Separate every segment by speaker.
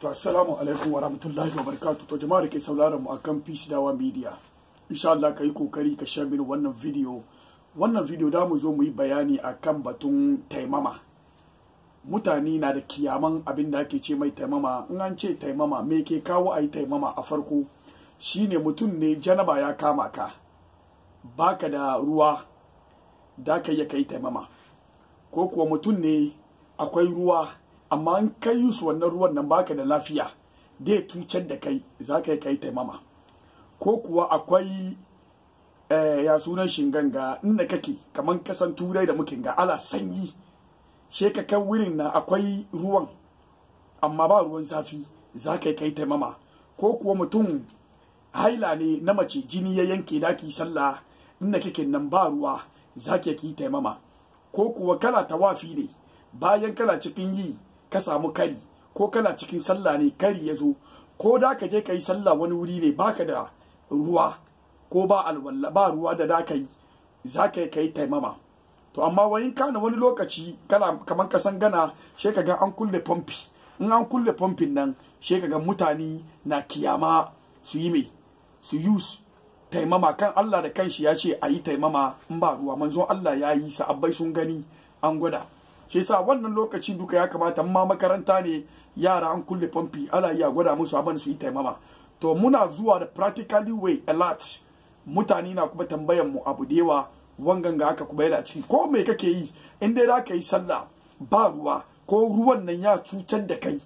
Speaker 1: to assalamu alaikum wa rahmatullahi wa barakatu to jama'a da ke sauraron mu akan peace dawa media insha Allah kai kokari ka share mini wannan video wannan video da mu zo mu yi bayani akan batun taimama mutane na da kiyaman abin da ake ce mai taimama in an ce taimama me ke kawo a yi taimama a farko shine mutum ne janaba ya kama ka baka da ruwa da ka yi taimama ko kuwa mutum ne akwai ruwa amma an kai yusu wannan ruwan nan baka da lafiya dai tucar da kai za ka yi kai taimama ko kuwa akwai eh, ya sunan shinganga inda kake kamar kasan turai da muke ga ala sanyi she ka kan wurin na akwai ruwan amma ba ruwan zafi za ka yi kai taimama ko kuwa mutum haila ne na mace jini ya yanke daki sallah inda kake nan ba ruwa za ka yi taimama ko kuwa kala tawafi ne bayan kala cikin yi ka samu kari ko kana cikin sallah ne kari ya zo ko da ka je ka yi sallah wani wuri ne baka da ruwa ko ba alwala ba ruwa da da ka yi za ka yi ka yi taimama to amma wani kana wani lokaci kana kamar ka gana she ka ga an kulle pompi in an kulle pompin nan she ka ga mutane na kiyama su yi mai su use taimama kan Allah da kanshi ya ce a yi taimama in ba ruwa manzon Allah ya yi sa'abbai sun gani an gwada shi yasa wannan lokaci duka ya kamata ma makaranta ne yara an kulle famfi ala iya gwada musu abin su yi taimama to muna zuwa da practically way a lot mutane na kuma tambayan mu abu da yawa wangan ga aka kuma yana ciki ko me kake yi in dai za ka yi sallah ba ruwa ko ruwan nan ya cutar da kai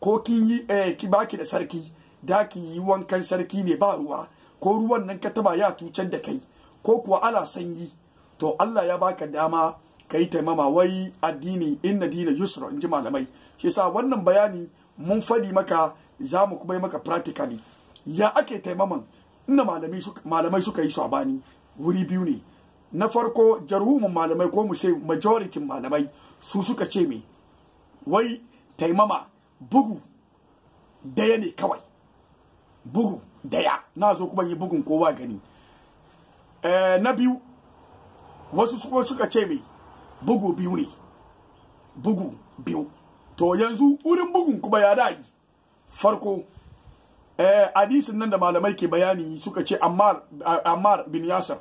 Speaker 1: ko kin yi eh, ki baki da sarki da ki yi wankan sarki ne ba ruwa ko ruwan nan ka taba ya cutar da kai ko kuwa ana sanyi to Allah ya baka dama ka taimama wai addini inna dina yusra in ji malamai shi sa wannan bayani mun fadi maka za mu kuma yi maka practically ya ake taimaman inna malamai suka yi sabani wuri biyu ne na farko jarhumin malamai ko mu majoritin malamai su suka ce me wai taimama bugu daya ne kawai bugu daya na zo kuma yi bugun kowa gani eh, na biyu wasu suka ce me bugu biyu ne bugu biyu to yanzu wurin bugun kuma ya dai farko eh, hadisin nan da malamai ke bayani suka ce Ammar Ammar bin Yasir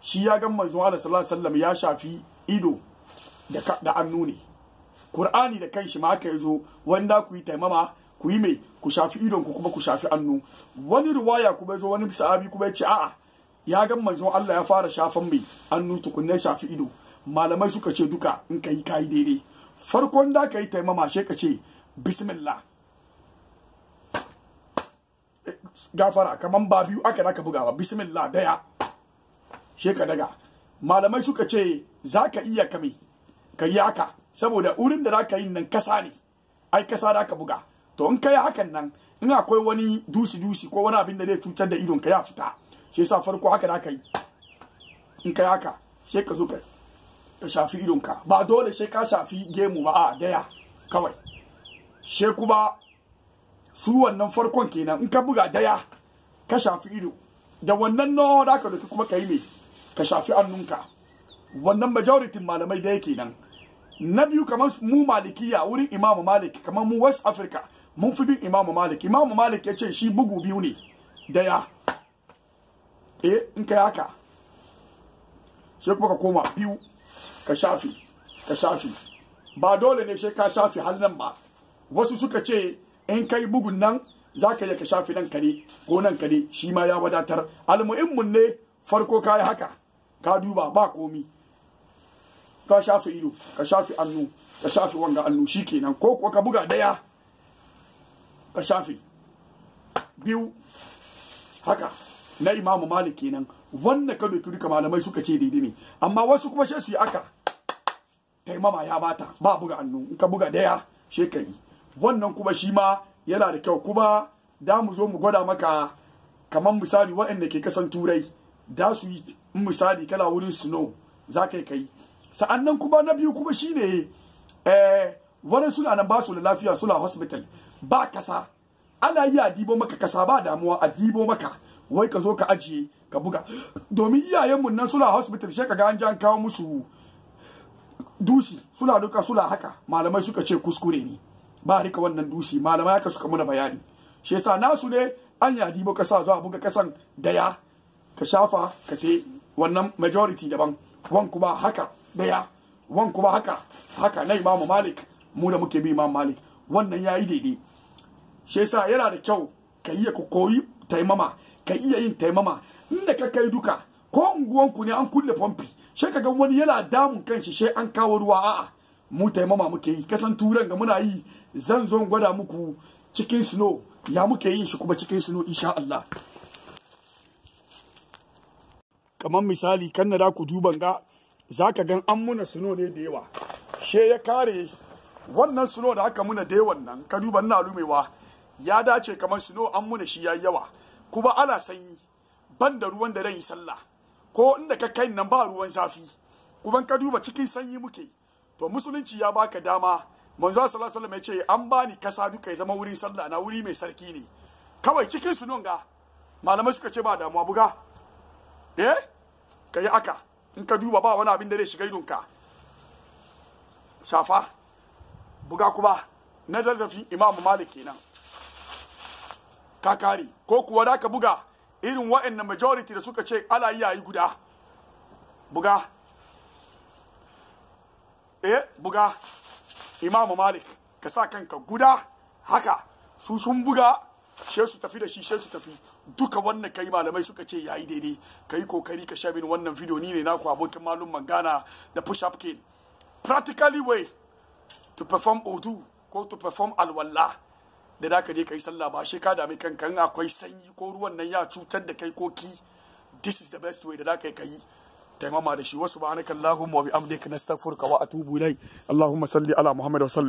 Speaker 1: shi ya ga manzo Allah sallallahu alaihi ya shafi ido da da annu ne Qur'ani da kanshi ma aka yazo wanda ku yi taimama ku yi mai ku shafi idon ku kuma ku shafi annu wani riwaya kuma yazo wani sahabi kuma ya ce a'a ya ga manzo Allah ya fara shafan mai annu tukunne shafi ido malamai suka ce duka in ka yi kayi daidai farkon da ka yi taimama she ka ce bismillah gafara kaman ba biyu aka buga ba bismillah daya she ka daga malamai suka ce za ka iya kame ka yi haka saboda wurin da za ka yi nan kasa ne ai kasa da ka buga to in ka yi hakan nan in akwai wani dusi-dusi ko wani abin da zai cutar da idon ka ya fita shi yasa farko haka da ka yi in ka yi haka sai ka zo ka ka shafi idonka ba dole sai ka shafi gemu ba a daya kawai she kuma su wannan farkon kenan in ka buga daya ka shafi ido da wannan no da ka doki kuma ka yi mai ka shafi annunka wannan majoritin malamai daya kenan na biyu kamar mu malikiya wurin imamu malik kamar mu west africa mun fi bin imamu malik imamu malik ya ce shi bugu biyu ne daya eh in ka haka sai kuma ka koma biyu ka shafi ka shafi ba dole ne shi ka shafi har nan ba wasu suka ce in kai bugun nan za ka iya ka shafi nan kare ko nan kare shi ma ya wadatar almuhimmin ne farko ka yi haka ka duba ba komi ka shafi ido ka shafi annu ka shafi wanga annu shi kenan ko kuwa ka buga daya ka shafi biyu haka na imamu malik kenan wannan ka doki duka malamai suka ce daidai ne amma wasu kuma shi su yi aka taimama ya bata ba buga hannu in ka buga daya she ka wannan kuma shi ma yana da kyau kuma da mu zo mu gwada maka kamar misali waɗanda ke kasan turai da su yi misali kala wurin snow za ka kai sa'an nan kuma na biyu kuma shine eh wani suna nan ba su da lafiya suna hospital ba kasa ana yi a maka kasa ba damuwa a dibo maka wai ka zo ka ajiye ka buga domin iyayenmu nan suna hospital shi ka ga an kawo musu dusi suna duka suna haka malamai suka ce kuskure ne ba rika wannan dusi malamai haka suka muna bayani shi yasa nasu ne an yadi ba kasa zuwa buga kasan daya ka shafa ka ce wannan majority daban wan kuma haka daya wan kuma haka haka na imamu malik mu da muke bi imamu malik wannan yayi daidai shi yasa yana da kyau ka iya ku koyi taimama ka iya yin taimama inda ka kai duka ko unguwanku ne an kulle pompi sai kaga wani yana damun kanshi sai an kawo ruwa a'a mu taimama muke yi kasan turan ga muna yi zan zo gwada muku cikin snow ya muke yin shi kuma cikin snow insha Allah kamar misali kan da ku duban ga zaka gan an muna snow ne da yawa she ya kare wannan snow da aka muna da yawan nan ka duba na lumewa ya dace kamar snow an muna shi yayi yawa kuma ana sanyi ban da ruwan da rai sallah ko inda ka kai nan ba ruwan zafi kuma ka duba cikin sanyi muke to musulunci ya baka dama manzo sallallahu alaihi wasallam ya ce an bani kasa duka ya zama wurin sallah na wuri mai sarki ne kawai cikin su nonga ga malamai suka ce ba damuwa buga eh ka aka in ka duba ba wani abin da zai shiga idonka shafa buga kuma na zarrafin imamu malik kenan ka kare ko kuwa da ka buga irin wa'annan majority da suka ce ala yayi guda buga eh buga imamu malik ka sa kanka guda haka su sun buga she su tafi da shi she su tafi duka wannan kai malamai suka ce yayi daidai kai kokari ka shabin wannan video ni ne naku abokin malum mangana da push up king practically way to perform udu ko to perform alwallah da da ka je kai sallah ba shi ka dami kanka akwai sanyi ko ruwan nan ya cutar da kai koki ki this is the best way da da ka yi taimama da shi wasu allahumma wa bihamdika nastaghfiruka wa atubu ilai allahumma salli ala muhammad wa